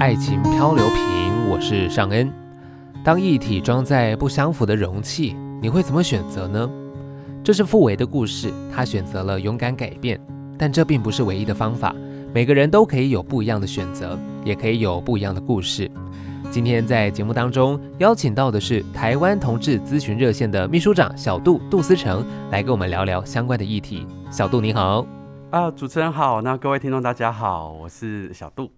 礙情漂流瓶，我是尚恩。當液體裝在不相符的容器，你會怎麼選擇呢？這是賦唯的故事，他選擇了勇敢改變，但這並不是唯一的方法。每個人都可以有不一樣的選擇，也可以有不一樣的故事。今天在節目當中邀請到的是台灣同志諮詢熱線的秘書長小杜杜思成，來跟我們聊聊相關的議題。小杜你好，啊、呃，主持人好，那各位聽眾大家好，我是小杜。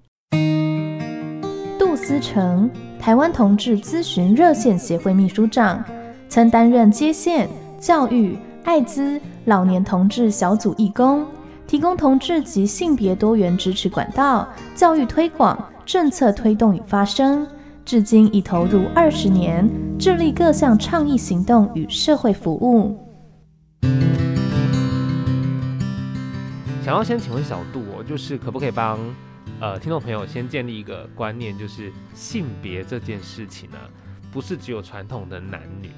思成，台灣同志諮詢熱線協會秘書長，曾擔任接線、教育、艾滋、老年同志小組義工，提供同志及性別多元支持管道、教育推廣、政策推動與發聲，至今已投入二十年，致力各項倡議行動與社會服務。想要先請問小杜、哦，就是可不可以幫？呃，聽眾朋友先建立一個觀念，就是性別這件事情呢、啊，不是只有傳統的男女，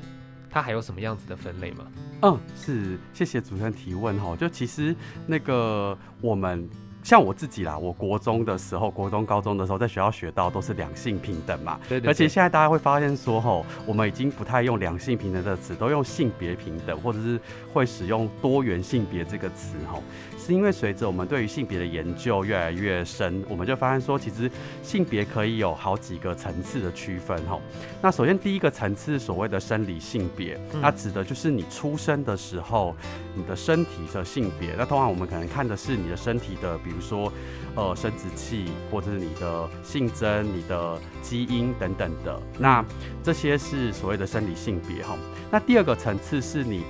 它還有什麼樣子的分類嗎？嗯，是，謝謝主持人提問哈。就其實那個我們。像我自己啦，我國中的時候、國中、高中的時候，在學校學到都是兩性平等嘛。對對、對。而且現在大家會發現說，吼，我們已經不太用兩性平等的詞，都用性別平等，或者是會使用多元性別這個詞，吼，是因為隨着我們對於性別的研究越來越深，我們就發現說，其實性別可以有好幾個層次的區分，吼。那首先第一個層次，所謂的生理性別，它指的就是你出生的時候你的身體的性別。那通常我們可能看的是你的身體的，比。比如說，呃，生殖器，或者是你的性徵、你的基因等等的，那這些是所謂的生理性別哈。那第二個層次是你。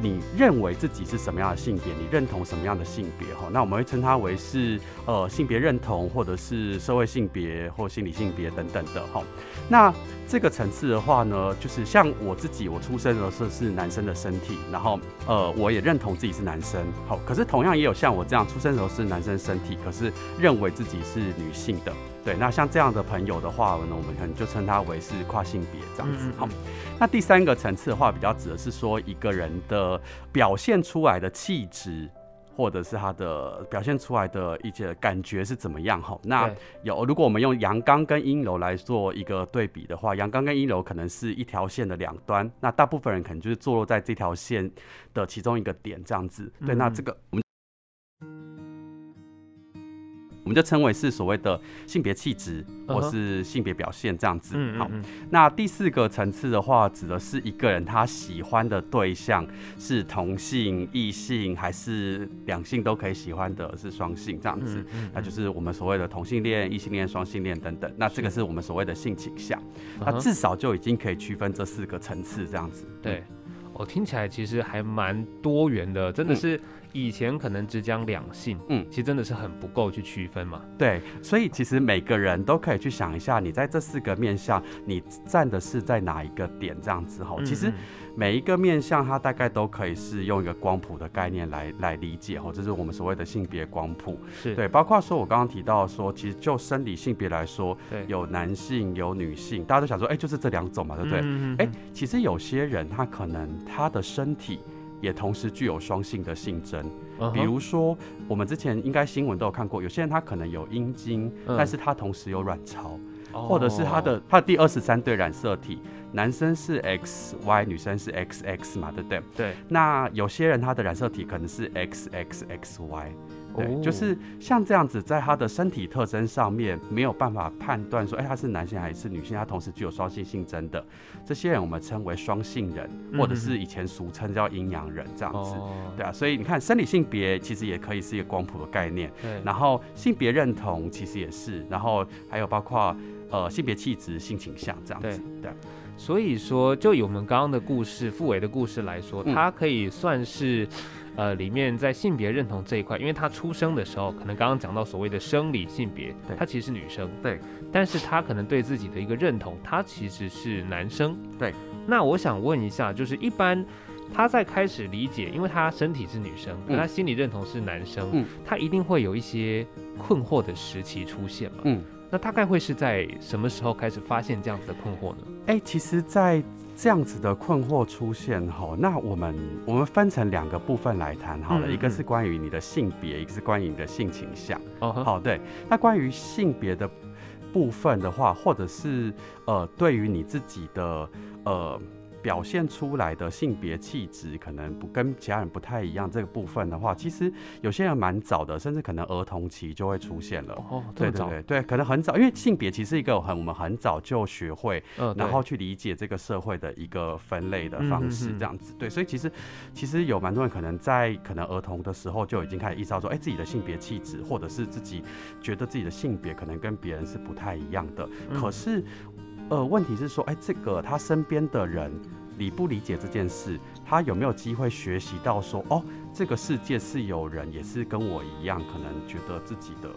你認為自己是什麼樣的性別？你認同什麼樣的性別？哈，那我們會稱它為是呃性別認同，或者是社會性別或心理性別等等的哈。那這個層次的話呢，就是像我自己，我出生的時候是男生的身體，然後呃我也認同自己是男生。好，可是同樣也有像我這樣出生的時候是男生身體，可是認為自己是女性的。對，那像這樣的朋友的話呢，我們可能就稱他為是跨性別這樣子。好、嗯哦，那第三個層次的話，比較指的是說一個人的表現出來的氣質，或者是他的表現出來的一些感覺是怎麼樣。哈、哦，那有，如果我們用陽剛跟陰柔來做一個對比的話，陽剛跟陰柔可能是一條線的兩端，那大部分人可能就是坐落在這條線的其中一個點這樣子。嗯、對，那這個我們。我們就稱為是所謂的性別氣質，或是性別表現這樣子。好、嗯，嗯嗯、那第四個層次的話，指的是一個人他喜歡的對象是同性、異性，還是兩性都可以喜歡的，是雙性這樣子。嗯嗯嗯、那就是我們所謂的同性戀、異性戀、雙性戀等等。那這個是我們所謂的性傾向。嗯嗯、那至少就已經可以區分這四個層次這樣子。對，我聽起來其實還蠻多元的，真的是。嗯以前可能只講兩性，嗯，其實真的是很不夠去區分嘛。對，所以其實每個人都可以去想一下，你在這四個面向，你站的是在哪一個點？這樣子哈，嗯、其實每一個面向，它大概都可以是用一個光譜的概念來來理解哈，這、就是我們所謂的性別光譜。是、嗯、對，包括說我剛剛提到說，其實就生理性別來說，對，有男性有女性，大家都想說，哎、欸，就是這兩種嘛，對不對？嗯嗯。哎、嗯欸，其實有些人他可能他的身體。也同時具有雙性的性徵，uh huh. 比如說我們之前應該新聞都有看過，有些人他可能有陰莖，嗯、但是他同時有卵巢，oh. 或者是他的他的第二十三對染色體，男生是 X Y，女生是 X X 嘛，對不對？對，那有些人他的染色體可能是 X X X Y。對，就是像這樣子，在他的身體特徵上面沒有辦法判斷說，哎、欸，他是男性還是女性，他同時具有雙性性徵的這些人，我們稱為雙性人，或者是以前俗稱叫陰陽人這樣子，嗯、哼對啊。所以你看，生理性別其實也可以是一個光譜的概念，對。然後性別認同其實也是，然後還有包括呃性別氣質、性傾向這樣子，對。對所以說，就以我們剛剛的故事，賦唯的故事來說，他可以算是。嗯呃，裡面在性別認同這一塊，因為他出生的時候，可能剛剛講到所謂的生理性別，他其實是女生，對。但是他可能對自己的一個認同，他其實是男生，對。那我想問一下，就是一般他在開始理解，因為他身體是女生，他心理認同是男生，嗯，他一定會有一些困惑的時期出現嘛，嗯。那大概會是在什麼時候開始發現這樣子的困惑呢？哎、欸，其實，在。這樣子的困惑出現吼，那我們我們分成兩個部分來談好了嗯嗯嗯一，一個是關於你的性別，一個是關於你的性傾向。哦呵，好，對。那關於性別的部分的話，或者是呃，對於你自己的呃。表現出來的性別氣質可能不跟其他人不太一樣，這個部分的話，其實有些人蠻早的，甚至可能兒童期就會出現了。哦，這麼早？對，對，對，可能很早，因為性別其實一個很我們很早就學會，嗯、然後去理解這個社會的一個分類的方式，這樣子。嗯、哼對，所以其實其實有蠻多人可能在可能兒童的時候就已經開始意識到說，哎、欸，自己的性別氣質，或者是自己覺得自己的性別可能跟別人是不太一樣的，嗯、哼可是。呃，問題是說，哎、欸，這個他身邊的人理不理解這件事？他有沒有機會學習到說，哦，這個世界是有人也是跟我一樣，可能覺得自己的。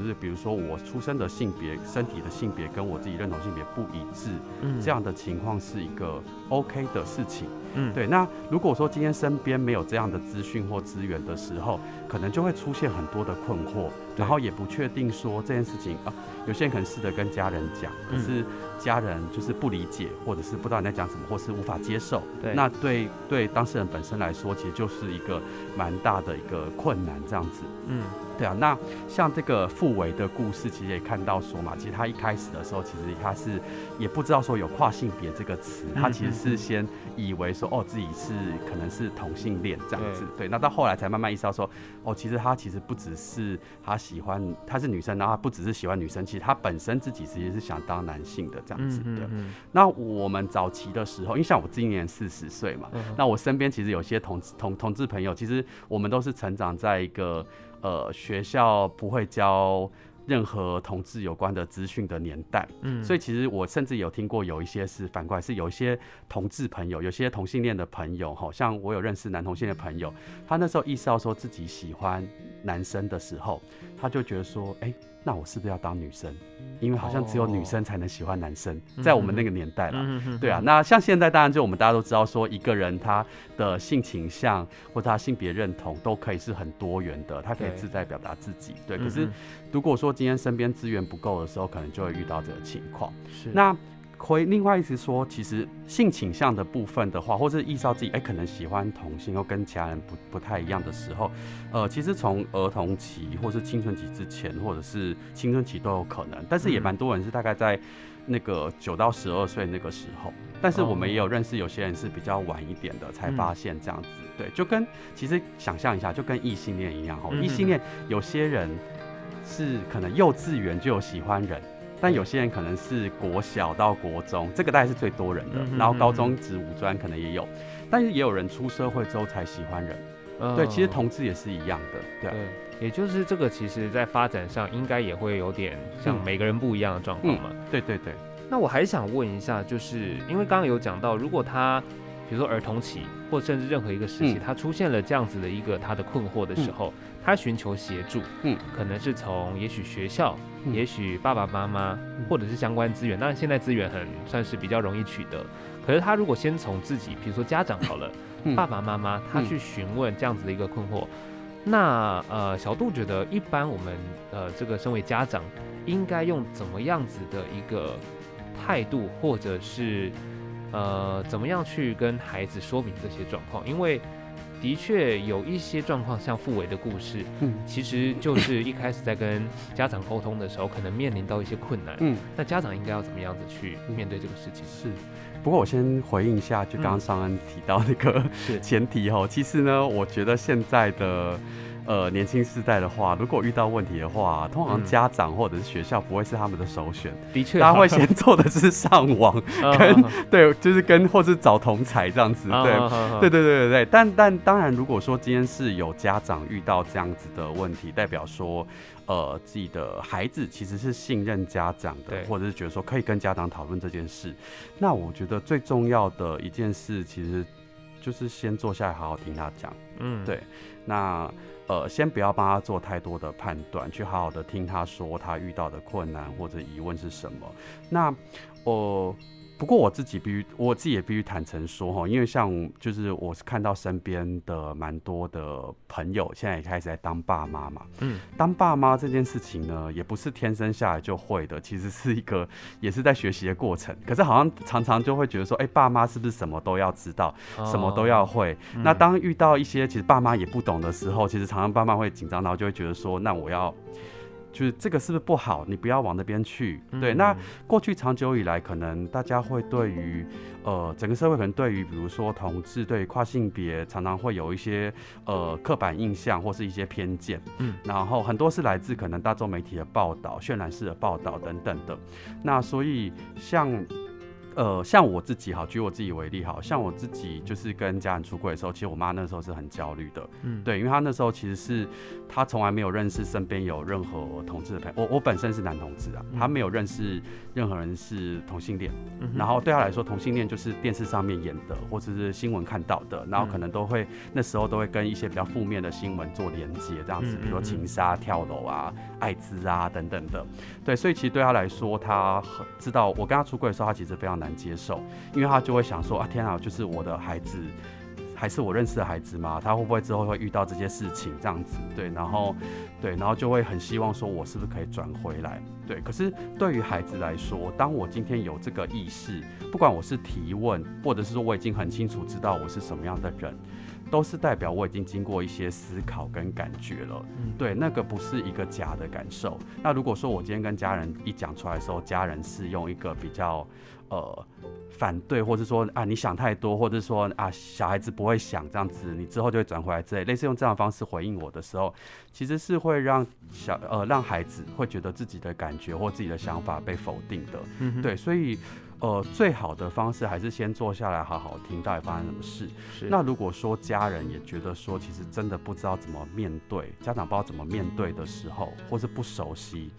就是比如說我出生的性別、身體的性別跟我自己認同性別不一致，嗯，這樣的情況是一個 OK 的事情。嗯，對。那如果說今天身邊沒有這樣的資訊或資源的時候，可能就會出現很多的困惑，對然後也不確定說這件事情啊。有些人可能試着跟家人講，可是家人就是不理解，或者是不知道你在講什麼，或是無法接受。對。那對對當事人本身來說，其實就是一個蠻大的一個困難，這樣子。嗯。對啊，那像這個賦唯的故事，其實也看到說嘛，其實他一開始的時候，其實他是也不知道說有跨性別這個詞，他其實是先以為說哦自己是可能是同性戀這樣子。對，對。那到後來才慢慢意識到說，哦，其實他其實不只是他喜歡，他是女生，然後他不只是喜歡女生，其實他本身自己其實是想當男性的這樣子的。對。嗯嗯嗯、那我們早期的時候，因為像我今年四十歲嘛，嗯、哼那我身邊其實有些同同同志朋友，其實我們都是成長在一個。呃，學校不會教任何同志有關的資訊的年代，嗯，所以其實我甚至有聽過有一些是反過來，是有一些同志朋友，有些同性戀的朋友，好像我有認識男同性的朋友，他那時候意識到說自己喜歡男生的時候，他就覺得說，哎、欸。那我是不是要當女生？因為好像只有女生才能喜歡男生，oh. 在我們那個年代了，mm hmm. 對啊。那像現在，當然就我們大家都知道，說一個人他的性傾向或他性別認同都可以是很多元的，他可以自在表達自己。對，對，可是如果說今天身邊資源不夠的時候，可能就會遇到這個情況。是，那。虧，另外一直說，其實性傾向的部分的話，或是意識到自己哎，可能喜歡同性，又跟其他人不不太一樣的時候，呃，其實從兒童期，或是青春期之前，或者是青春期都有可能，但是也蠻多人是大概在那個九到十二歲那個時候，但是我們也有認識有些人是比較晚一點的才發現這樣子，對，就跟其實想象一下，就跟異性戀一樣哈，異性戀有些人是可能幼稚園就有喜歡人。但有些人可能是國小到國中，這個大概是最多人的。嗯哼嗯哼，然後高中職、五專可能也有，但是也有人出社會之後才喜歡人。嗯、對，其實同志也是一樣的，對。對，也就是這個，其實在發展上應該也會有點像每個人不一樣的狀況嘛，嗯嗯。對對對。那我還想問一下，就是因為剛剛有講到，如果他。比如說兒童期，或者甚至任何一個時期，嗯、他出現了這樣子的一個他的困惑的時候，嗯、他尋求協助，嗯，可能是從也許學校，嗯、也許爸爸媽媽，嗯、或者是相關資源。當然現在資源很算是比較容易取得，可是他如果先從自己，比如說家長好了，嗯、爸爸媽媽，他去詢問這樣子的一個困惑，嗯、那呃，小杜覺得一般我們呃這個身為家長，應該用怎麼樣子的一個態度或者是？呃，怎麼樣去跟孩子說明這些狀況？因為的確有一些狀況，像賦唯的故事，嗯，其實就是一開始在跟家長溝通的時候，嗯、可能面臨到一些困難，嗯，那家長應該要怎麼樣子去面對這個事情？嗯、是，不過我先回應一下，就剛剛上恩提到那個前提哦，嗯、其實呢，我覺得現在的。呃，年輕世代的話，如果遇到問題的話，通常家長或者是學校不會是他們的首選。嗯、的確、啊，大家會先做的是上網、 啊、跟、啊啊、對，就是跟或者是找同儕這樣子。對對、啊、對對對對。但但當然，如果說今天是有家長遇到這樣子的問題，代表說呃自己的孩子其實是信任家長的，對或者是覺得說可以跟家長討論這件事，那我覺得最重要的一件事其實。就是先坐下來，好好聽他講。嗯，對。那呃，先不要幫他做太多的判斷，去好好的聽他說他遇到的困難或者疑問是什麼？那哦。呃不過我自己必須，我自己也必須坦誠說哈，因為像就是我是看到身邊的蠻多的朋友，現在也開始在當爸媽嘛。嗯，當爸媽這件事情呢，也不是天生下來就會的，其實是一個也是在學習的過程。可是好像常常就會覺得說，哎、欸，爸媽是不是什麼都要知道，哦、什麼都要會？嗯、那當遇到一些其實爸媽也不懂的時候，其實常常爸媽會緊張，然後就會覺得說，那我要。就是這個是不是不好？你不要往那邊去。對，那過去長久以來，可能大家會對於呃整個社會可能對於比如說同志、對跨性別，常常會有一些呃刻板印象或是一些偏見。嗯，然後很多是來自可能大眾媒體的報道、渲染式的報道等等的。那所以像。呃，像我自己好，舉我自己為例好，好像我自己就是跟家人出櫃的時候，其實我媽那時候是很焦慮的，嗯，對，因為她那時候其實是她從來沒有認識身邊有任何同志的朋友，我我本身是男同志啊，嗯，她沒有認識任何人是同性戀，嗯、哼然後對他來說，同性戀就是電視上面演的，或者是新聞看到的，然後可能都會那時候都會跟一些比較負面的新聞做連接，這樣子，嗯嗯嗯，比如說情殺、跳樓啊、艾滋啊等等的。對，所以其實對他來說，他知道我跟他出櫃的時候，他其實非常難接受，因為他就會想說啊，天啊，就是我的孩子。還是我認識的孩子嗎？他會不會之後會遇到這些事情？這樣子，對，然後，對，然後就會很希望說，我是不是可以轉回來？對，可是對於孩子來說，當我今天有這個意識，不管我是提問，或者是說我已經很清楚知道我是什麼樣的人，都是代表我已經經過一些思考跟感覺了。對，那個不是一個假的感受。那如果說我今天跟家人一講出來的時候，家人是用一個比較，呃。反對，或者說啊，你想太多，或者說啊，小孩子不會想這樣子，你之後就會轉回來之類，類似用這樣的方式回應我的時候，其實是會讓小呃讓孩子會覺得自己的感覺或自己的想法被否定的。嗯哼。對，所以呃，最好的方式還是先坐下來好好聽到底發生什麼事。是。那如果說家人也覺得說，其實真的不知道怎麼面對，家長不知道怎麼面對的時候，或是不熟悉。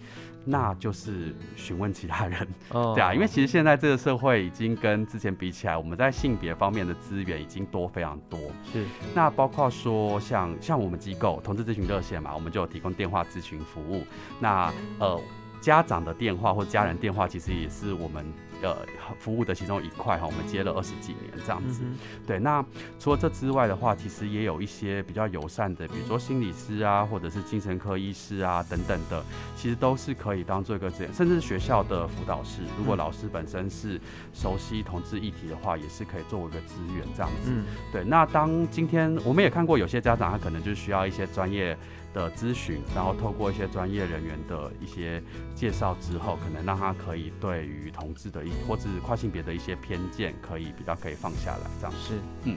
那就是詢問其他人，哦、對啊，因為其實現在這個社會已經跟之前比起來，我們在性別方面的資源已經多非常多。是，那包括說像像我們機構同志諮詢熱線嘛，我們就有提供電話諮詢服務。那呃。家長的電話或家人電話，其實也是我們的、呃、服務的其中一塊哈。我們接了二十幾年這樣子。嗯、哼對，那除了這之外的話，其實也有一些比較友善的，比如說心理師啊，或者是精神科醫師啊等等的，其實都是可以當做一個資源，甚至學校的輔導室。如果老師本身是熟悉同志議題的話，也是可以作為一個資源這樣子。嗯、對。那當今天我們也看過，有些家長他可能就需要一些專業。的諮詢，然後透過一些專業人員的一些介紹之後，可能讓他可以對於同志的一或者跨性別的一些偏見，可以比較可以放下來。這樣是嗯，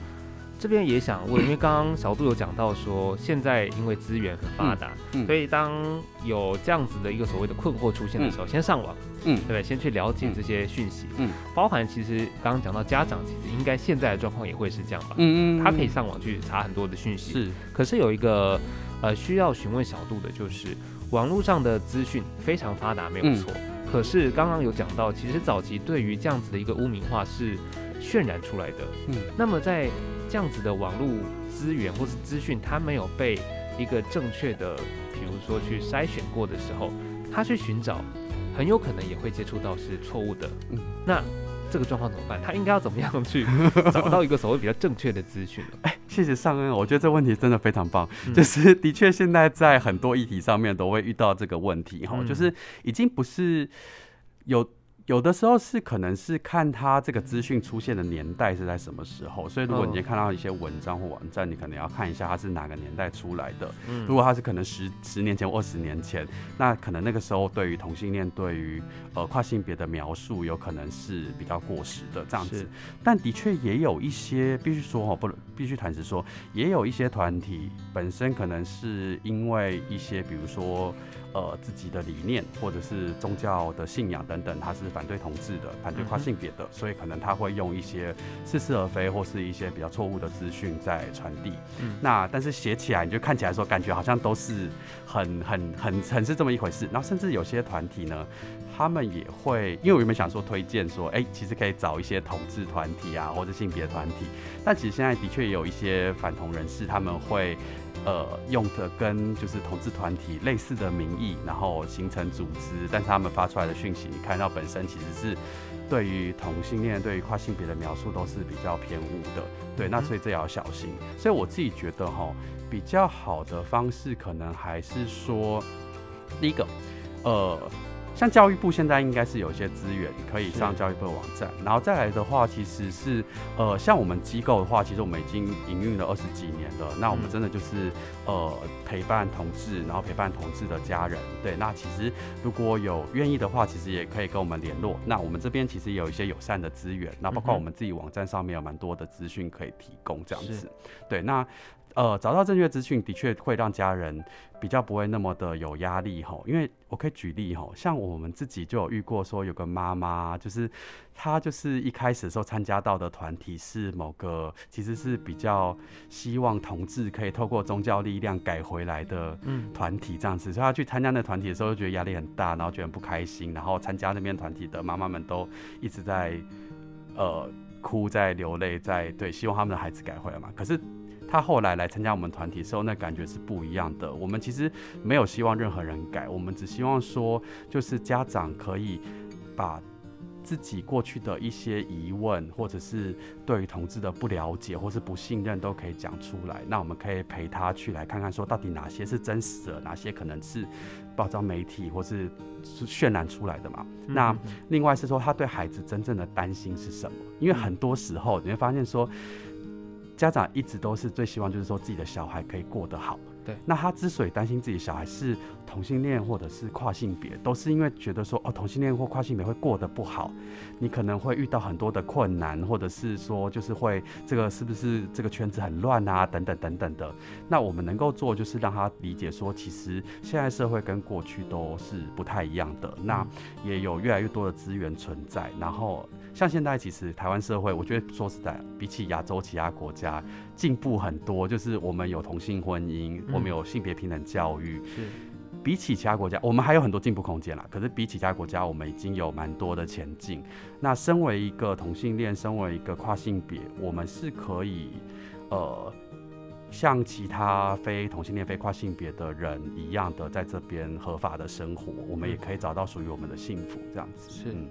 這邊也想問，因為剛剛小杜有講到說，嗯、現在因為資源很發達，嗯嗯、所以當有這樣子的一個所謂的困惑出現的時候，嗯、先上網，嗯，對不對？先去了解這些訊息，嗯，包含其實剛剛講到家長，其實應該現在的狀況也會是這樣吧，嗯嗯，嗯嗯，他可以上網去查很多的訊息，是，可是有一個。呃，需要詢問小度的就是，網絡上的資訊非常發達，沒有錯。嗯。可是剛剛有講到，其實早期對於這樣子的一個污名化是渲染出來的。嗯，那麼在這樣子的網絡資源或是資訊，它沒有被一個正確的，比如說去篩選過的時候，他去尋找，很有可能也會接觸到是錯誤的。嗯，那。這個狀況怎麼辦？他應該要怎麼樣去找到一個所謂比較正確的資訊呢、哦？哎，謝謝上恩，我覺得這問題真的非常棒，嗯、就是的確現在在很多議題上面都會遇到這個問題哈，嗯、就是已經不是有。有的時候是可能是看他這個資訊出現的年代是在什麼時候，所以如果你看到一些文章或網站，你可能要看一下他是哪個年代出來的。如果他是可能十十年前或二十年前，那可能那個時候對於同性戀、對於呃跨性別的描述，有可能是比較過時的這樣子。是但的確也有一些，必須說哦，不能必須坦直說，也有一些團體本身可能是因為一些，比如說。呃，自己的理念或者是宗教的信仰等等，他是反對同志的，反對跨性別的，嗯哼。所以可能他會用一些似是而非或是一些比較錯誤的資訊在傳遞。嗯，那但是寫起來你就看起來說，感覺好像都是很很很很是這麼一回事。然後甚至有些團體呢，他們也會，因為我原本想說推薦說，哎、欸，其實可以找一些同志團體啊或者性別團體，嗯、但其實現在的確有一些反同人士他們會。呃，用的跟就是同志團體類似的名義，然後形成組織，但是他們發出來的訊息，你看到本身其實是對於同性戀、對於跨性別的描述都是比較偏誤的，對，那所以這要小心。嗯、所以我自己覺得哈、喔，比較好的方式可能還是說，第一個，呃。像教育部現在應該是有一些資源可以上教育部的網站，是然後再來的話，其實是，呃，像我們機構的話，其實我們已經營運了二十幾年了，那我們真的就是，嗯、呃，陪伴同志，然後陪伴同志的家人，對，那其實如果有願意的話，其實也可以跟我們聯絡，那我們這邊其實也有一些友善的資源，那包括我們自己網站上面有蠻多的資訊可以提供這樣子，是對，那。呃，找到正確的資訊的確會讓家人比較不會那麼的有壓力吼，因為我可以舉例吼，像我們自己就有遇過，說有個媽媽，就是她就是一開始的時候參加到的團體是某個其實是比較希望同志可以透過宗教力量改回來的團體這樣子，嗯，所以她去參加那團體的時候就覺得壓力很大，然後覺得很不開心，然後參加那邊團體的媽媽們都一直在呃哭，在流淚，在對，希望他們的孩子改回來嘛，可是。他後來來參加我們團體的時候，那感覺是不一樣的。我們其實沒有希望任何人改，我們只希望說，就是家長可以把自己過去的一些疑問，或者是對於同志的不了解，或是不信任，都可以講出來。那我們可以陪他去來看看，說到底哪些是真實的，哪些可能是報章媒體或是渲染出來的嘛？那另外是說，他對孩子真正的擔心是什麼？因為很多時候你會發現說。家長一直都是最希望，就是說自己的小孩可以過得好。對，那他之所以擔心自己小孩是同性戀或者是跨性別，都是因為覺得說哦，同性戀或跨性別會過得不好，你可能會遇到很多的困難，或者是說就是會這個是不是這個圈子很亂啊，等等等等的。那我們能夠做就是讓他理解說，其實現在社會跟過去都是不太一樣的，那也有越來越多的資源存在。然後像現在其實台灣社會，我覺得說實在，比起亞洲其他國家，進步很多，就是我們有同性婚姻，嗯、我們有性別平等教育。是，比起其他國家，我們還有很多進步空間啦。可是比起其他國家，我們已經有蠻多的前進。那身為一個同性戀，身為一個跨性別，我們是可以，呃，像其他非同性戀、非跨性別的人一樣的，在這邊合法的生活，我們也可以找到屬於我們的幸福。這樣子是。嗯、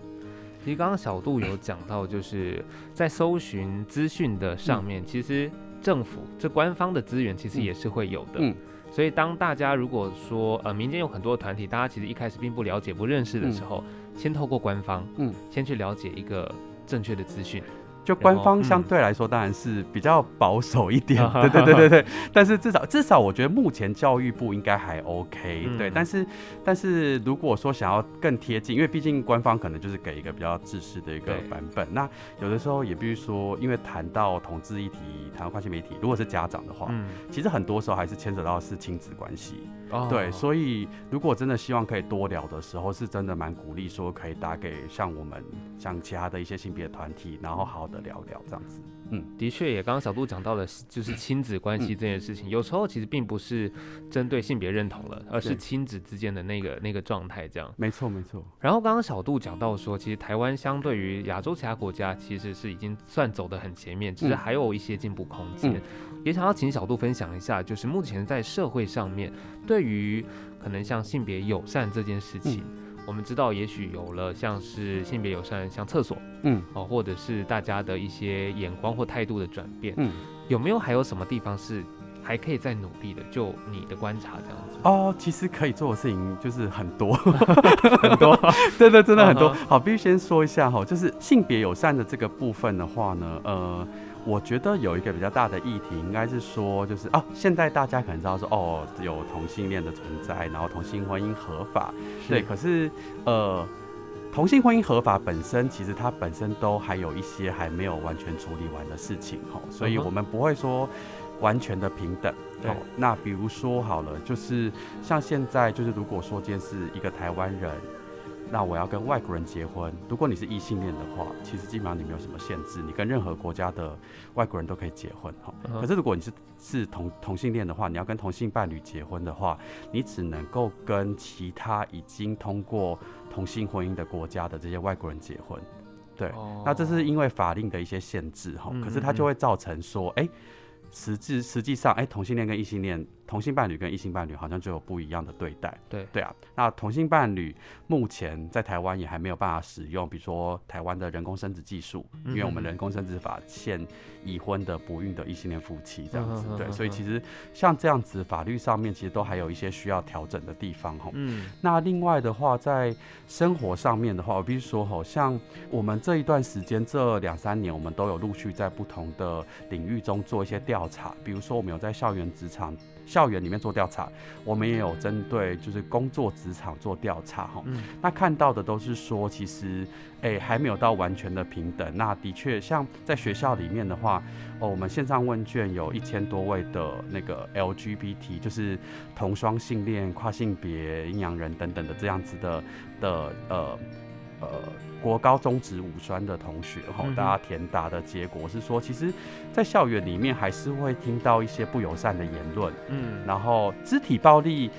其實剛剛小杜有講到，就是在搜尋資訊的上面，其實。政府這官方的資源其實也是會有的，嗯嗯、所以當大家如果說，呃，民間有很多團體，大家其實一開始並不了解、不認識的時候，嗯、先透過官方，嗯，先去了解一個正確的資訊。就官方相對來說當然是比較保守一點，對、哦嗯、對對對對。 但是至少至少，我覺得目前教育部應該還 OK、嗯。對，但是但是如果說想要更貼近，因為畢竟官方可能就是給一個比較制式的一個版本。對那有的時候也必須說，因為談到同志議題，談到跨性別議題，如果是家長的話，嗯、其實很多時候還是牽扯到是親子關係。哦、對，所以如果真的希望可以多聊的時候，是真的蠻鼓勵說可以打給像我們，像其他的一些性別的團體，然後好。聊聊這樣子，嗯，的確也剛剛小杜講到的，就是親子關係這件事情，有時候其實並不是針對性別認同了，而是親子之間的那個那個狀態這樣。沒錯沒錯。然後剛剛小杜講到說，其實台灣相對於亞洲其他國家，其實是已經算走得很前面，只是還有一些進步空間。也想要請小杜分享一下，就是目前在社會上面對於可能像性別友善這件事情，我們知道，也許有了像是性別友善，像廁所，嗯，哦，或者是大家的一些眼光或態度的轉變，嗯，有沒有還有什麼地方是還可以再努力的？就你的觀察這樣子。哦，其實可以做的事情就是很多， 很多，對對 真的很多。Uh huh. 好，必須先說一下哈，就是性別友善的這個部分的話呢，呃。我覺得有一個比較大的議題，應該是說，就是啊，現在大家可能知道說，哦，有同性戀的存在，然後同性婚姻合法，是對。可是，呃，同性婚姻合法本身，其實它本身都還有一些還沒有完全處理完的事情哈、喔，所以我們不會說完全的平等。嗯哼哦、對，那比如說好了，就是像現在，就是如果說今天是一個台灣人。那我要跟外國人結婚，如果你是異性戀的話，其實基本上你沒有什麼限制，你跟任何國家的外國人都可以結婚哈。喔 Uh-huh. 可是如果你是，是同同性戀的話，你要跟同性伴侶結婚的話，你只能夠跟其他已經通過同性婚姻的國家的這些外國人結婚。對，Oh. 那這是因為法令的一些限制哈。喔、可是它就會造成說，誒、欸，實際實際上，誒、欸，同性戀跟異性戀。同性伴侶跟異性伴侶好像就有不一樣的對待，對對啊。那同性伴侶目前在台灣也還沒有辦法使用，比如說台灣的人工生殖技術，嗯、哼因為我們人工生殖法限已婚的不孕的異性戀夫妻這樣子，嗯、哼哼哼對。所以其實像這樣子，法律上面其實都還有一些需要調整的地方吼。嗯。那另外的話，在生活上面的話，我必須說吼，像我們這一段時間這兩三年，我們都有陸續在不同的領域中做一些調查，比如說我們有在校園、職場。校園裡面做調查，我們也有針對就是工作職場做調查哈，嗯、那看到的都是說其實，哎、欸，還沒有到完全的平等。那的確，像在學校裡面的話，哦，我們線上問卷有一千多位的那個 LGBT，就是同雙性戀、跨性別、陰陽人等等的這樣子的的呃呃。呃國高中職五專的同學，哈，大家填答的結果是說，其實，在校園裡面還是會聽到一些不友善的言論，嗯，然後肢體暴力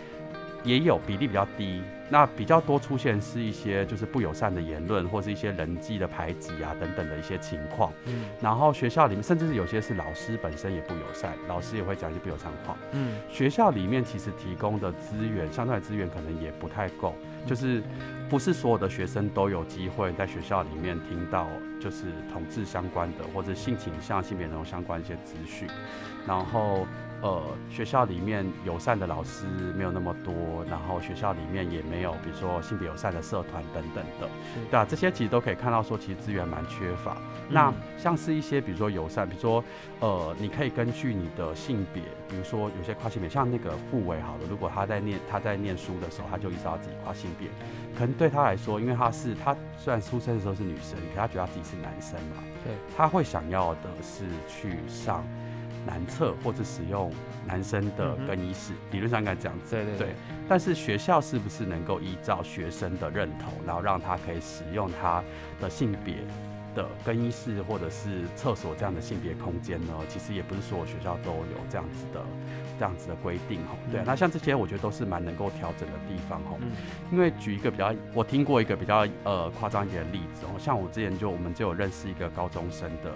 也有比例比較低，那比較多出現是一些就是不友善的言論，或是一些人際的排擠啊等等的一些情況，嗯，然後學校裡面甚至是有些是老師本身也不友善，老師也會講一些不友善的話，嗯，學校裡面其實提供的資源，相對的資源可能也不太夠。就是不是所有的學生都有機會在學校裡面聽到，就是同志相關的或者性傾向、性別認同相關一些資訊。然後，呃，學校裡面友善的老師沒有那麼多，然後學校裡面也沒有，比如說性別友善的社團等等的，是的 對啊，這些其實都可以看到，說其實資源蠻缺乏。嗯、那像是一些，比如說友善，比如說，呃，你可以根據你的性別，比如說有些跨性別，像那個賦唯好了，如果他在念他在念書的時候，他就意識到自己跨性別，可能對他來說，因為他是他雖然出生的時候是女生，可他覺得他自己是男生嘛，對，他會想要的是去上男廁或者使用男生的更衣室，嗯、哼理論上應該這樣子，對對，對，對，但是學校是不是能夠依照學生的認同，然後讓他可以使用他的性別？的更衣室或者是廁所這樣的性別空間呢，其實也不是所有學校都有這樣子的這樣子的規定哈。嗯、對，那像這些我覺得都是蠻能夠調整的地方哈。嗯、因為舉一個比較，我聽過一個比較呃誇張一點的例子哦，像我之前就我們就有認識一個高中生的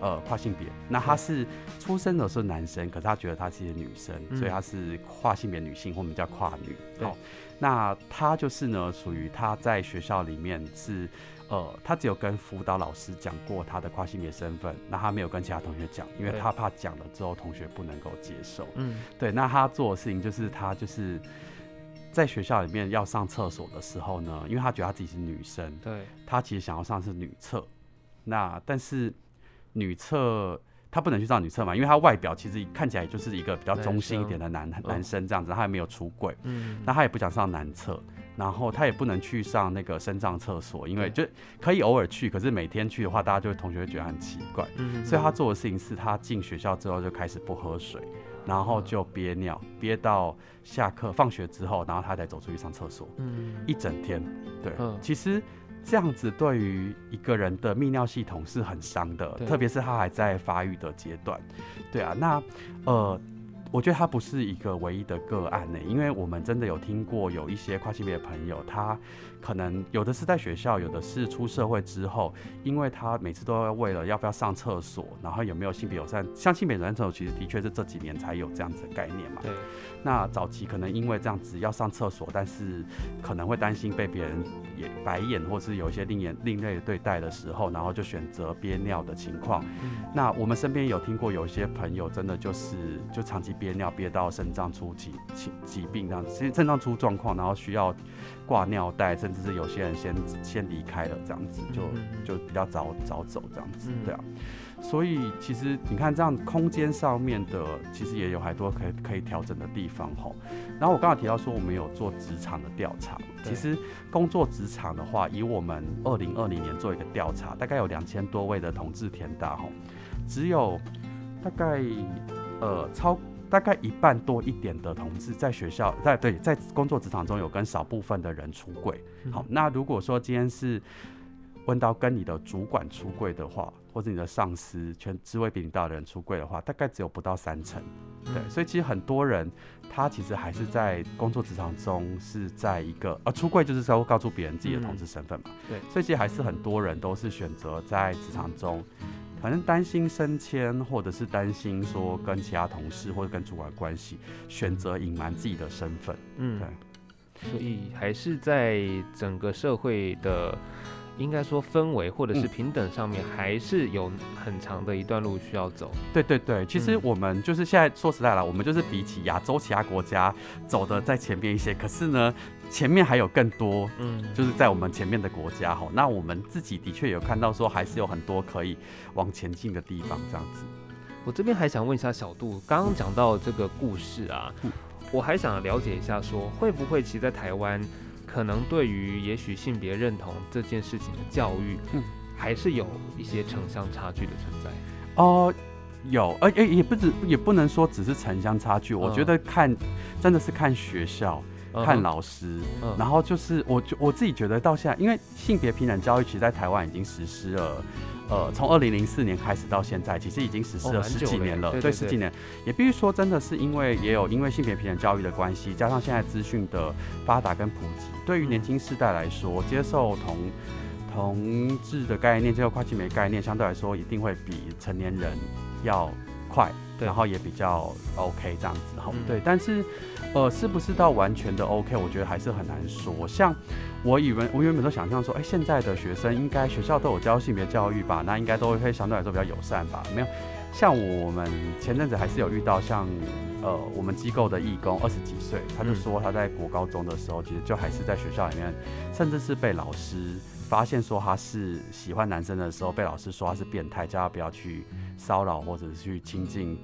呃跨性別，那他是出生的是男生，可是他覺得他是女生，嗯、所以他是跨性別女性，或者我們叫跨女。對。那他就是呢，屬於他在學校裡面是。呃，他只有跟輔導老師講過他的跨性別身份，那他沒有跟其他同學講，因為他怕講了之後同學不能夠接受。嗯，對。那他做的事情就是，他就是在學校裡面要上廁所的時候呢，因為他覺得他自己是女生，對，他其實想要上的是女廁。那但是女廁他不能去上女廁嘛，因為他外表其實看起來就是一個比較中性一點的男男生，男生這樣子，他也沒有出櫃，嗯，那他也不想上男廁。然後他也不能去上那個身障廁所，因為就可以偶爾去，可是每天去的話，大家就同學會覺得很奇怪。嗯哼哼，所以他做的事情是他進學校之後就開始不喝水，嗯、哼然後就憋尿，憋到下課放學之後，然後他才走出去上廁所。嗯哼，一整天，對，呵其實這樣子對於一個人的泌尿系統是很傷的，對特別是他還在發育的階段。對啊，那呃。我覺得他不是一個唯一的個案呢、欸，因為我們真的有聽過有一些跨性別的朋友，他可能有的是在學校，有的是出社會之後，因為他每次都要為了要不要上廁所，然後有沒有性別友善，像性別友善，這種其實的確是這幾年才有這樣子的概念嘛。對。那早期可能因為這樣子要上廁所，但是可能會擔心被別人。也白眼，或是有一些另眼另類的對待的時候，然後就選擇憋尿的情況。嗯、那我們身邊有聽過，有些朋友真的就是就長期憋尿，憋到腎臟出疾疾疾病，這樣子腎腎臟出狀況，然後需要掛尿袋，甚至是有些人先、嗯、先離開了這樣子，就就比較早早走這樣子，嗯、對啊。所以其實你看，這樣空間上面的其實也有很多可以可以調整的地方哈。然後我剛剛提到說，我們有做職場的調查。對其實，工作職場的話，以我們二零二零年做一個調查，大概有兩千多位的同志填答吼，只有大概呃超大概一半多一點的同志在學校，在對在工作職場中有跟少部分的人出櫃。嗯、好，那如果說今天是問到跟你的主管出櫃的話，或是你的上司，全職位比你大的人出櫃的話，大概只有不到三成。嗯、對，所以其實很多人他其實還是在工作職場中是在一個呃、啊、出櫃就是說告訴別人自己的同志身份嘛、嗯。對，所以其實還是很多人都是選擇在職場中，反正擔心升遷，或者是擔心說跟其他同事或者跟主管關係，選擇隱瞞自己的身份。嗯，對，所以還是在整個社會的。應該說氛圍或者是平等上面還是有很長的一段路需要走。嗯、對對對，其實我們就是現在說實在了，我們就是比起亞洲其他國家走的在前面一些，可是呢，前面還有更多，嗯，就是在我們前面的國家哈，嗯、那我們自己的確有看到說還是有很多可以往前進的地方這樣子。我這邊還想問一下小杜，剛剛講到這個故事啊，嗯、我還想了解一下說會不會其實在台灣，可能對於也許性別認同這件事情的教育，還是有一些城鄉差距的存在。嗯。哦，呃，有，呃，也不止，也不能說只是城鄉差距。嗯，我覺得看真的是看學校，嗯，看老師，嗯，然後就是我我我自己覺得到現在，因為性別平等教育其實在台灣已經實施了。呃，從二零零四年開始到現在，其實已經實施了十幾年了。哦、了對，對，對，對，十幾年。也必須說，真的是因為也有因為性別平等教育的關係，加上現在資訊的發達跟普及，對於年輕世代來說，接受同同志的概念，接受跨性別概念，相對來說一定會比成年人要快。對，然後也比較 OK 這樣子，好、嗯，對，但是，呃，是不是到完全的 OK，我覺得還是很難說。像我以為我原本都想象說，哎、欸，現在的學生應該學校都有教性別教育吧？那應該都會相對來說比較友善吧？沒有，像我們前陣子還是有遇到像，呃，我們機構的義工二十幾歲，他就說他在國高中的時候，其實就還是在學校裡面，嗯、甚至是被老師發現說他是喜歡男生的時候，被老師說他是變態，叫他不要去騷擾或者是去親近。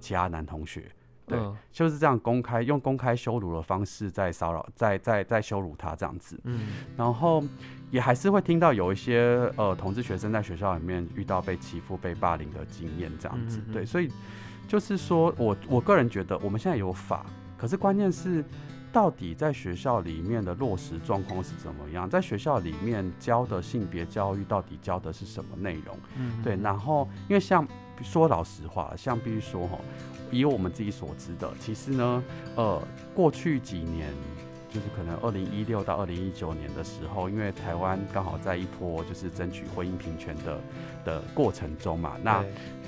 其他男同學，對，就是這樣公開用公開羞辱的方式在騷擾，在在在羞辱他這樣子，嗯，然後也還是會聽到有一些呃同志學生在學校裡面遇到被欺負、被霸凌的經驗這樣子，對，所以就是說我我個人覺得我們現在有法，可是關鍵是到底在學校裡面的落實狀況是怎麼樣，在學校裡面教的性別教育到底教的是什麼內容，嗯，對，然後因為像。說老實話，像比如說哈、哦，以我們自己所知的，其實呢，呃，過去幾年，就是可能二零一六到二零一九年的時候，因為台灣剛好在一波就是爭取婚姻平權的的過程中嘛，那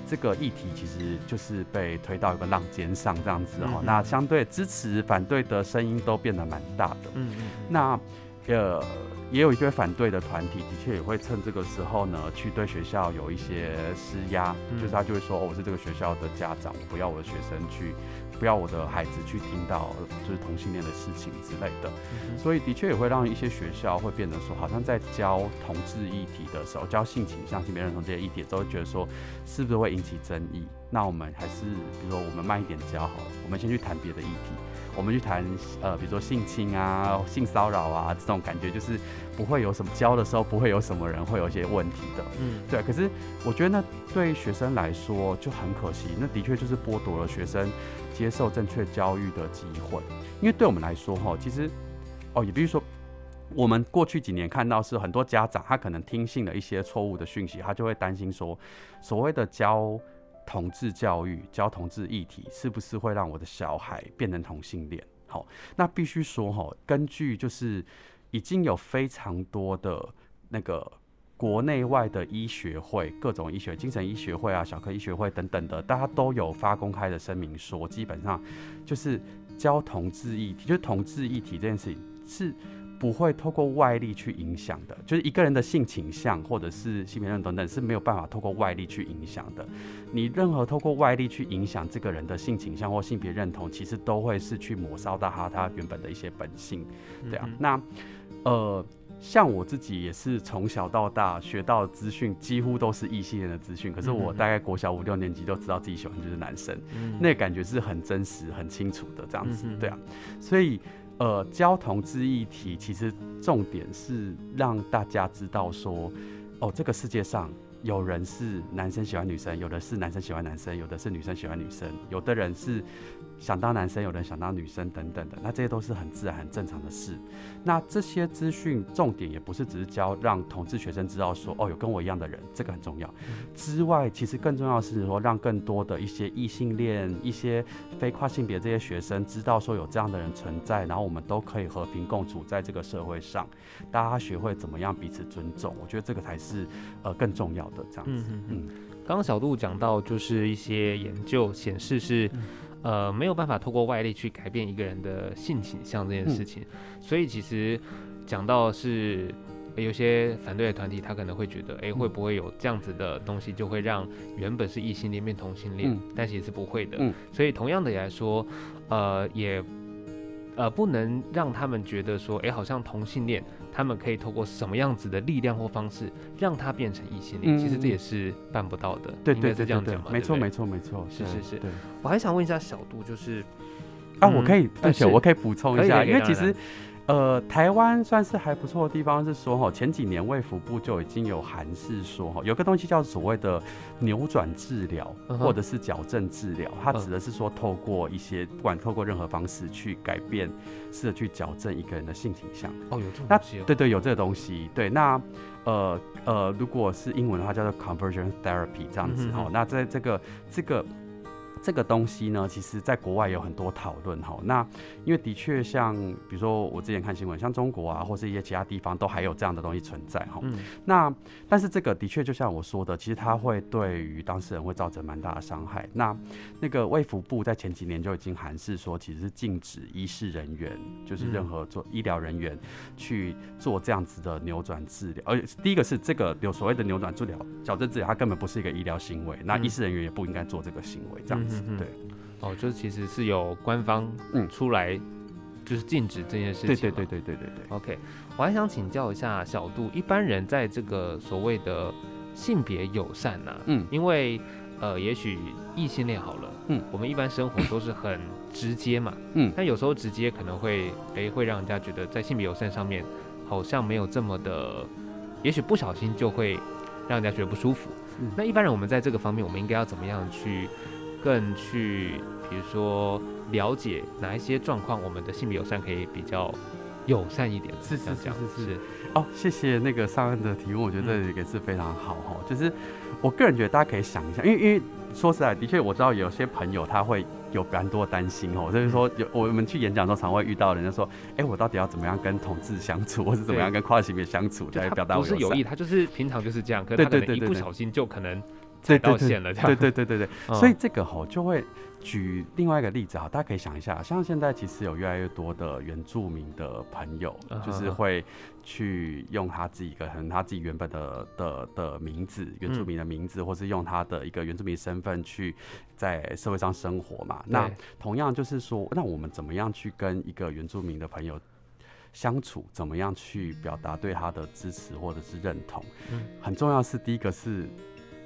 這個議題其實就是被推到一個浪尖上這樣子哈、哦，嗯、哼那相對支持、反對的聲音都變得蠻大的，嗯嗯哼，那呃。也有一些反對的團體，的確也會趁這個時候呢，去對學校有一些施壓，嗯、就是他就會說，哦，我是這個學校的家長，我不要我的學生去，不要我的孩子去聽到就是同性戀的事情之類的，嗯、哼所以的確也會讓一些學校會變得說，好像在教同志議題的時候，教性傾向性別認同這些議題，都會覺得說，是不是會引起爭議？那我們還是，比如說我們慢一點教好了，我們先去談別的議題。我們去談，呃，比如說性侵啊、性騷擾啊，這種感覺就是不會有什麼教的時候，不會有什麼人會有一些問題的，嗯，對。可是我覺得那對學生來說就很可惜，那的確就是剝奪了學生接受正確教育的機會。因為對我們來說哈、哦，其實哦，也比如說我們過去幾年看到是很多家長他可能聽信了一些錯誤的訊息，他就會擔心說所謂的教。同志教育教同志議題，是不是會讓我的小孩變成同性戀？好，那必須說哈，根據就是已經有非常多的那個國內外的醫學會、各種醫學、精神醫學會啊、小科醫學會等等的，大家都有發公開的聲明說，基本上就是教同志議題，就同志議題這件事情是。不會透過外力去影響的，就是一個人的性傾向或者是性別認同等等，是沒有辦法透過外力去影響的。你任何透過外力去影響這個人的性傾向或性別認同，其實都會是去抹殺到他他原本的一些本性。對啊，嗯、哼那呃，像我自己也是從小到大學到資訊幾乎都是異性的資訊，可是我大概國小五六年級都知道自己喜歡就是男生，嗯、哼那感覺是很真實很清楚的這樣子。嗯、哼對啊，所以。呃，交同志議題其實重點是讓大家知道說，哦，這個世界上有人是男生喜歡女生，有的是男生喜歡男生，有的是女生喜歡女生，有的人是。想當男生，有人想當女生等等的，那這些都是很自然、很正常的事。那這些資訊重點也不是只是教讓同志學生知道說，哦，有跟我一樣的人，這個很重要。嗯、之外，其實更重要的是說，讓更多的一些異性戀、一些非跨性別這些學生知道說，有這樣的人存在，然後我們都可以和平共處在這個社會上，大家學會怎麼樣彼此尊重。我覺得這個才是呃更重要的。這樣子。嗯嗯。剛、嗯、剛、嗯、小杜講到，就是一些研究顯示是、嗯。嗯呃，沒有辦法透過外力去改變一個人的性傾向這件事情，嗯、所以其實講到是有些反對的團體，他可能會覺得，誒，會不會有這樣子的東西，就會讓原本是異性戀變同性戀？嗯、但是也是不會的。嗯、所以同樣的來說，呃，也呃不能讓他們覺得說，誒，好像同性戀。他們可以透過什麼樣子的力量或方式讓他變成異性戀、嗯、其實這也是辦不到的。對對,對對對，是這樣講嘛沒錯錯沒錯沒錯。是是是。對我還想問一下小杜，就是啊，嗯、我可以，而且是我可以補充一下，因為其實。呃，台灣算是還不錯的地方是說，哈，前幾年衛福部就已經有函示說，哈，有一個東西叫所謂的扭轉治療，uh huh. 或者是矯正治療，它指的是說，透過一些不管透過任何方式去改變，試着去矯正一個人的性傾向。哦、uh，有這種東西。對對，有這個東西。Uh huh. 對，那呃呃，如果是英文的話，叫做 conversion therapy 這樣子。哈、uh，huh. 那在這個這個。這個東西呢，其實，在國外有很多討論哈。那因為的確，像比如說我之前看新聞，像中國啊，或是一些其他地方，都還有這樣的東西存在哈。嗯、那但是這個的確，就像我說的，其實它會對於當事人會造成蠻大的傷害。那那個衛福部在前幾年就已經函示說，其實是禁止醫事人員，就是任何做醫療人員去做這樣子的扭轉治療。嗯、而第一個是這個有所謂的扭轉治療、矯正治療，它根本不是一個醫療行為，嗯、那醫事人員也不應該做這個行為這樣子。嗯對嗯，對，哦，就是其實是由官方嗯出來，就是禁止這件事情。對對對對對對，對 OK，我還想請教一下小杜，一般人在這個所謂的性別友善吶、啊，嗯，因為呃，也許異性戀好了，嗯，我們一般生活都是很直接嘛，嗯，但有時候直接可能會誒、哎，會讓人家覺得在性別友善上面好像沒有這麼的，也許不小心就會讓人家覺得不舒服。嗯，那一般人我們在這個方面，我們應該要怎麼樣去？更去，比如說了解哪一些狀況，我們的性別友善可以比較友善一點的。是是是是是。是哦，謝謝那個上岸的提問，嗯、我覺得也是非常好哈。就是我個人覺得大家可以想一下，因為因為說實在，的確我知道有些朋友他會有蠻多擔心哦。嗯、就是說有我們去演講的時候，常會遇到人家說，哎、欸，我到底要怎麼樣跟同志相處，對或是怎麼樣跟跨性別相處來表達我的友誼？他就是平常就是這樣，可他對對可能一不小心就可能。了對對對對對對對，對，嗯，所以這個吼就會舉另外一個例子啊，大家可以想一下，像現在其實有越來越多的原住民的朋友，就是會去用他自己一個可能他自己原本的的的名字，原住民的名字，或是用他的一個原住民身份去在社會上生活嘛。那同樣就是說，那我們怎麼樣去跟一個原住民的朋友相處，怎麼樣去表達對他的支持或者是認同？很重要是第一個是。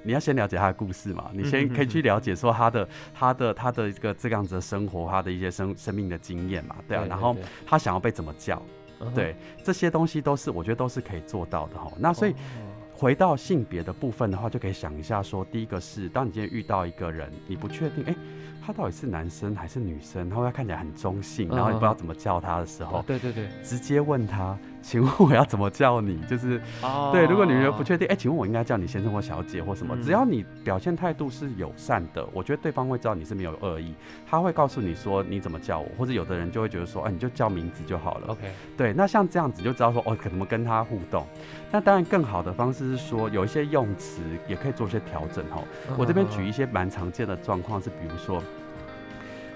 你要先了解他的故事嘛，你先可以去了解說他的，嗯、哼哼他的，他的一個這個樣子的生活，他的一些生生命的經驗嘛，對啊。對對對，然後他想要被怎麼叫，uh huh. 對，這些東西都是我覺得都是可以做到的哈。Uh huh. 那所以，uh huh. 回到性別的部分的話，就可以想一下說，uh huh. 第一個是當你今天遇到一個人，你不確定哎，欸、他到底是男生還是女生，他會不會看起來很中性，uh huh. 然後你不知道怎麼叫他的時候，對對對，huh. 直接問他。請問我要怎麼叫你？就是，oh. 對，如果女人不確定，哎、欸，請問我應該叫你先生或小姐或什麼？嗯、只要你表現態度是友善的，我覺得對方會知道你是沒有惡意，他會告訴你說你怎麼叫我，或者有的人就會覺得說，哎、啊，你就叫名字就好了。OK，對，那像這樣子就知道說哦，可能跟他互動。那當然更好的方式是說，有一些用詞也可以做一些調整吼。Uh huh. 我這邊舉一些蠻常見的狀況是，比如說。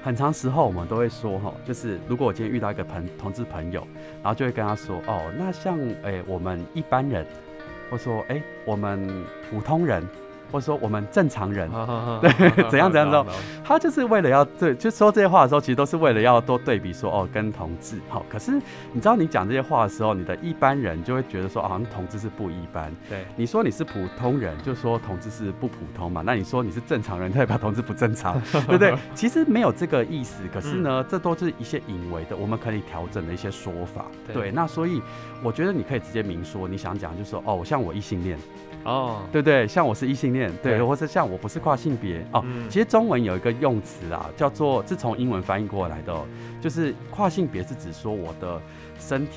很長時候，我們都會說，吼，就是如果我今天遇到一個朋同志朋友，然後就會跟他說，哦，那像，欸，我們一般人，或者說，欸，我們普通人。或者說我們正常人，啊啊啊、對怎樣怎樣，啊啊啊啊、他就是為了要對，就說這些話的時候，其實都是為了要多對比說哦，跟同志好、哦。可是你知道，你講這些話的時候，你的一般人就會覺得說，好、哦、像同志是不一般。對，你說你是普通人，就說同志是不普通嘛。那你說你是正常人，代表同志不正常， 對不對，對？其實沒有這個意思，可是呢，嗯、這都是一些隱微的，我們可以調整的一些說法。對，對，那所以我覺得你可以直接明說，你想講就是說哦，像我異性戀。哦，oh. 對，對對，像我是異性戀，對，Yeah. 或是像我不是跨性別哦。嗯、其實中文有一個用詞啦，叫做自從英文翻譯過來的，就是跨性別是指說我的身體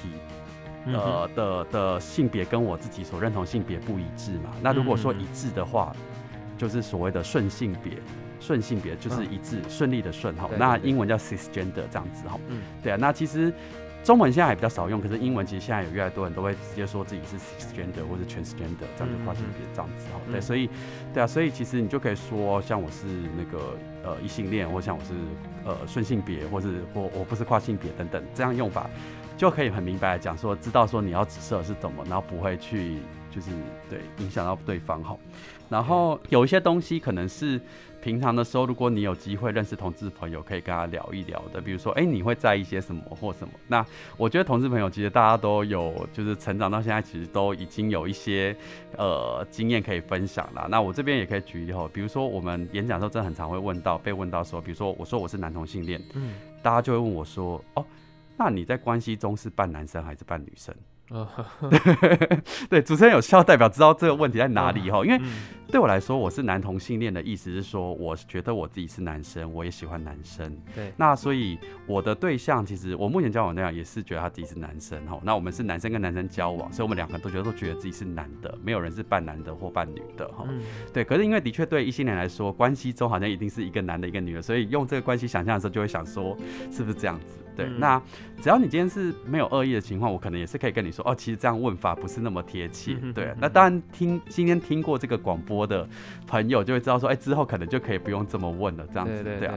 呃、嗯、哼的的性別跟我自己所認同性別不一致嘛。那如果說一致的話，嗯、就是所謂的順性別，順性別就是一致，嗯、順利的順哈。對對對對，那英文叫 cisgender 這樣子哈。嗯，對啊，那其實。中文現在還比較少用，可是英文其實現在有越來越多人都會直接說自己是 cisgender 或者 transgender，這樣就跨性別這樣子哈。嗯嗯對，所以，對啊，所以其實你就可以說，像我是那個呃異性戀，或像我是呃順性別，或是或我，我不是跨性別等等，這樣用法就可以很明白來講說，知道說你要指涉是怎麼，然後不會去就是對影響到對方哈。然後有一些東西可能是。平常的時候，如果你有機會認識同志朋友，可以跟他聊一聊的。比如說，哎、欸，你會在意一些什麼或什麼？那我覺得同志朋友其實大家都有，就是成長到現在，其實都已經有一些呃經驗可以分享了。那我這邊也可以舉例個，比如說我們演講的時候，真的很常會問到，被問到說，比如說我說我是男同性戀，嗯，大家就會問我說，哦，那你在關係中是扮男生還是扮女生？ 對，主持人有笑代表知道這個問題在哪裡哈？啊、因為對我來說，我是男同性戀的意思是說，我覺得我自己是男生，我也喜歡男生。對，那所以我的對象，其實我目前交往對象也是覺得他自己是男生哈。那我們是男生跟男生交往，所以我們兩個都覺得都覺得自己是男的，沒有人是半男的或半女的哈。嗯、對，可是因為的確對異性戀來說，關係中好像一定是一個男的，一個女的，所以用這個關係想象的時候，就會想說是不是這樣子？對，那只要你今天是沒有惡意的情況，我可能也是可以跟你說，哦，其實這樣問法不是那麼貼切。對，那當然聽今天聽過這個廣播的朋友就會知道說，哎，之後可能就可以不用這麼問了，這樣子。對、對、對、對啊。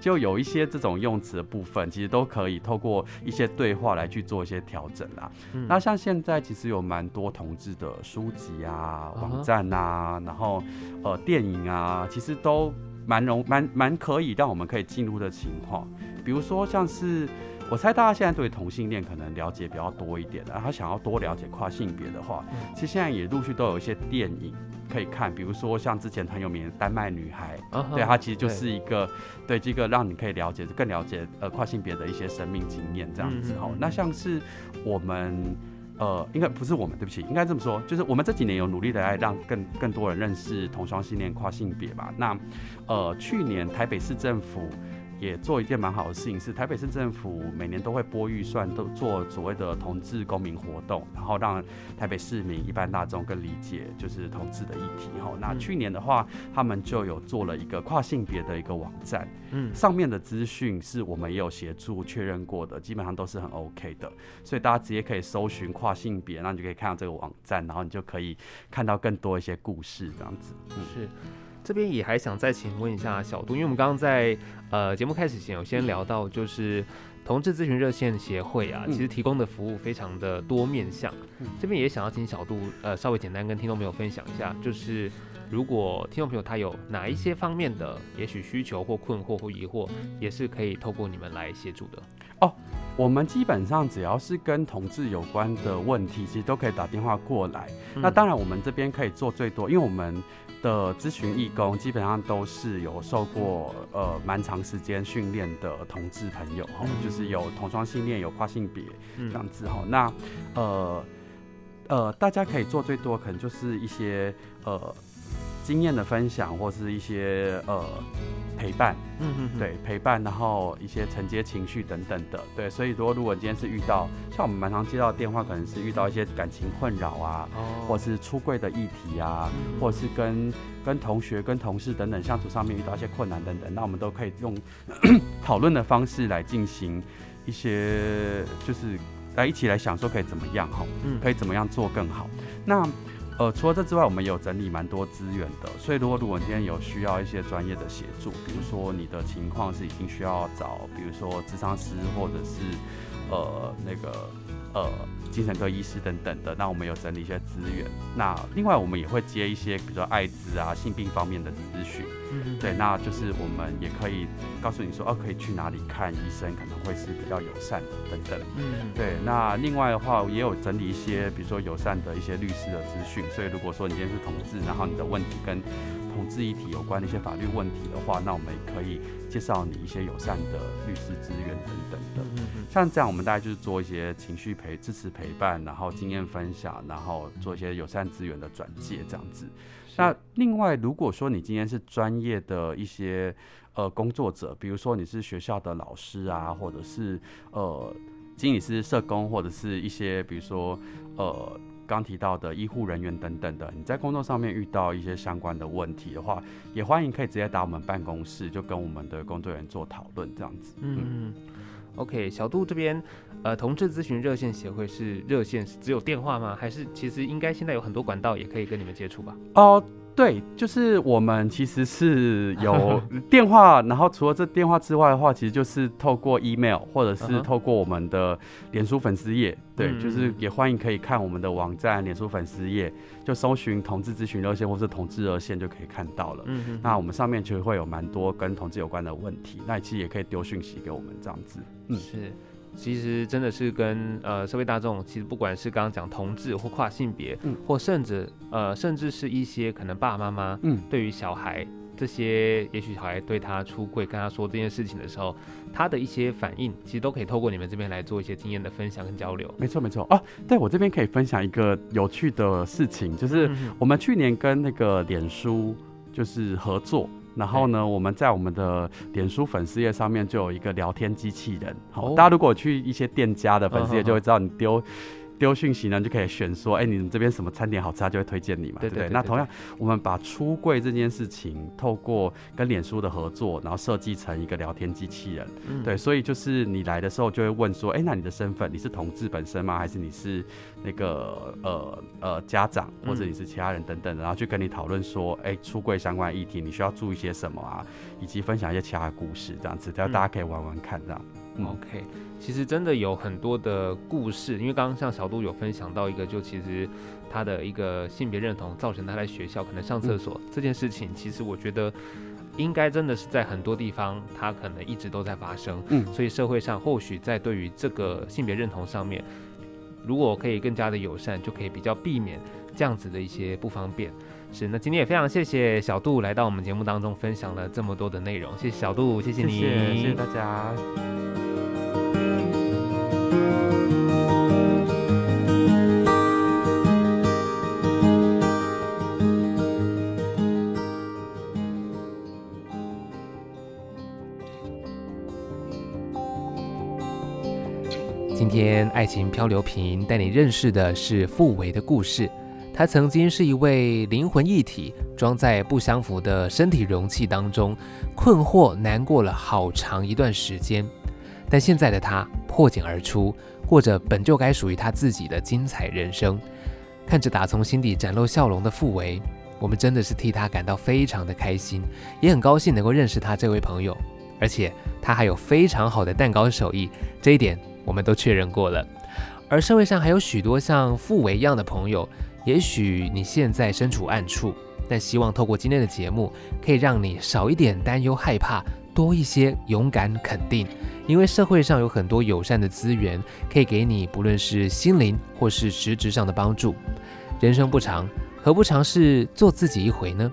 就有一些這種用詞的部分，其實都可以透過一些對話來去做一些調整啦、啊。嗯、那像現在其實有蠻多同志的書籍啊、網站啊，uh huh. 然後呃電影啊，其實都蠻容蠻蠻可以讓我們可以進入的情況。比如說，像是我猜大家現在對同性戀可能了解比較多一點，然後他想要多了解跨性別的話，其實現在也陸續都有一些電影可以看，比如說像之前很有名的《丹麥女孩》啊哈，對，它其實就是一個對這個讓你可以了解更了解呃跨性別的一些生命經驗這樣子。嗯、哼好，那像是我們呃應該不是我們，對不起，應該這麼說，就是我們這幾年有努力的來讓更更多人認識同雙性戀、跨性別吧。那呃去年台北市政府。也做一件蠻好的事情，是台北市政府每年都會撥預算，都做所謂的同志公民活動，然後讓台北市民、一般大眾更理解就是同志的議題。吼、嗯，那去年的話，他們就有做了一個跨性別的一個網站，嗯，上面的資訊是我們也有協助確認過的，基本上都是很 OK 的，所以大家直接可以搜尋跨性別，那你就可以看到這個網站，然後你就可以看到更多一些故事，這樣子、嗯、是。這邊也還想再請問一下小杜，因為我們剛剛在呃節目開始前有先聊到，就是同志諮詢熱線協會啊，嗯、其實提供的服務非常的多面向。嗯嗯、這邊也想要請小杜呃稍微簡單跟聽眾朋友分享一下，就是如果聽眾朋友他有哪一些方面的也許需求或困惑或疑惑，也是可以透過你們來協助的哦。我們基本上只要是跟同志有關的問題，對其實都可以打電話過來。嗯、那當然，我們這邊可以做最多，因為我們。的諮詢義工基本上都是有受過呃蠻長時間訓練的同志朋友哈，就是有同性戀有跨性別、嗯、這樣子哈。那呃,呃，大家可以做最多可能就是一些呃。經驗的分享或是一些呃陪伴。嗯嗯，對陪伴，然後一些承接情緒等等的，對。所以如果如果你今天是遇到，像我們蠻常接到電話，可能是遇到一些感情困擾啊，哦、或是出櫃的議題啊，嗯、或者是跟跟同學、跟同事等等相處上面遇到一些困難等等，那我們都可以用討論 的方式來進行一些，就是來一起來想說可以怎麼樣哈，嗯，可以怎麼樣做更好。嗯、那呃，除了這之外，我們有整理蠻多資源的，所以如果如果你今天有需要一些專業的協助，比如說你的情況是已經需要找，比如說諮商師或者是呃那個。呃，精神科醫師等等的，那我們有整理一些資源。那另外我們也會接一些，比如說艾滋啊、性病方面的諮詢。嗯哼，對，那就是我們也可以告訴你說，哦、啊，可以去哪裡看醫生，可能會是比較友善的等等。嗯哼，對，那另外的話也有整理一些，比如說友善的一些律師的資訊。所以如果說你今天是同志，然後你的問題跟同志議題有關的一些法律問題的話，那我們也可以介紹你一些友善的律師資源等等的。像這樣，我們大概就是做一些情緒陪支持陪伴，然後經驗分享，然後做一些友善資源的轉介這樣子。是那另外，如果說你今天是專業的一些呃工作者，比如說你是學校的老師啊，或者是呃，經理師、社工，或者是一些比如說呃。剛提到的醫護人員等等的，你在工作上面遇到一些相關的問題的話，也歡迎可以直接打我們辦公室，就跟我們的工作人員做討論這樣子。嗯，OK，小杜這邊，呃，同志諮詢熱線協會是熱線，是只有電話嗎？還是其實應該現在有很多管道也可以跟你們接觸吧？哦。Uh, 對，就是我們其實是有電話， 然後除了這電話之外的話，其實就是透過 email 或者是透過我們的臉書粉絲頁，嗯、對，就是也歡迎可以看我們的網站、臉書粉絲頁，就搜尋同志諮詢熱線或是同志熱線就可以看到了。嗯嗯哼，那我們上面就會有蠻多跟同志有關的問題，那其實也可以丟訊息給我們這樣子。嗯，是。其實真的是跟呃社會大眾，其實不管是剛剛講同志或跨性別，嗯，或甚至呃甚至是一些可能爸爸媽媽，嗯，對於小孩這些，也許小孩對他出櫃跟他說這件事情的時候，他的一些反應，其實都可以透過你們這邊來做一些經驗的分享跟交流。沒錯沒錯哦，啊，對我這邊可以分享一個有趣的事情，就是我們去年跟那個臉書就是合作。然後呢，嗯，我們在我們的臉書粉絲頁上面就有一個聊天機器人，好，哦，大家如果去一些店家的粉絲頁，就會知道你丟。丟訊息呢，就可以選說，哎、欸，你們這邊什麼餐點好吃，啊，他就會推薦你嘛，對不對，對？那同樣，我們把出櫃這件事情透過跟臉書的合作，然後設計成一個聊天機器人，嗯、對，所以就是你來的時候就會問說，哎、欸，那你的身份，你是同志本身嗎？還是你是那個呃呃家長，或者你是其他人等等，嗯、然後去跟你討論說，哎、欸，出櫃相關的議題，你需要注意些什麼啊？以及分享一些其他的故事，這樣子，樣大家可以玩玩看，這樣。嗯 OK，其實真的有很多的故事，因為剛剛像小杜有分享到一個，就其實他的一個性別認同造成他在學校可能上廁所、嗯、這件事情，其實我覺得應該真的是在很多地方他可能一直都在發生。嗯，所以社會上或許在對於這個性別認同上面，如果可以更加的友善，就可以比較避免這樣子的一些不方便。是，那今天也非常謝謝小杜來到我們節目當中分享了這麼多的內容，謝謝小杜，謝謝你，謝謝，謝謝大家。今天《礙情漂流瓶》帶你認識的是賦唯的故事。他曾經是一位靈魂一體，裝在不相符的身體容器當中，困惑難過了好長一段時間，但現在的他，破繭而出，過著本就該屬於他自己的精彩人生。看着打從心底展露笑容的賦唯，我們真的是替他感到非常的開心，也很高興能夠認識他這位朋友。而且他還有非常好的蛋糕手藝，這一點我們都確認過了。而社會上還有許多像賦唯一樣的朋友，也許你現在身處暗處，但希望透過今天的節目，可以讓你少一點擔憂害怕，多一些勇敢肯定。因為社會上有很多友善的資源可以給你，不論是心靈或是實質上的幫助。人生不長，何不嘗試做自己一回呢？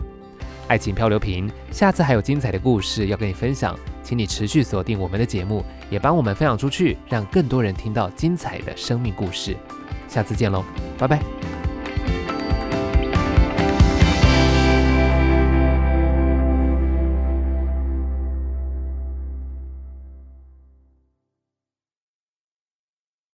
礙情漂流瓶，下次還有精彩的故事要跟你分享，請你持續鎖定我們的節目，也幫我們分享出去，讓更多人聽到精彩的生命故事。下次見嘍，拜拜。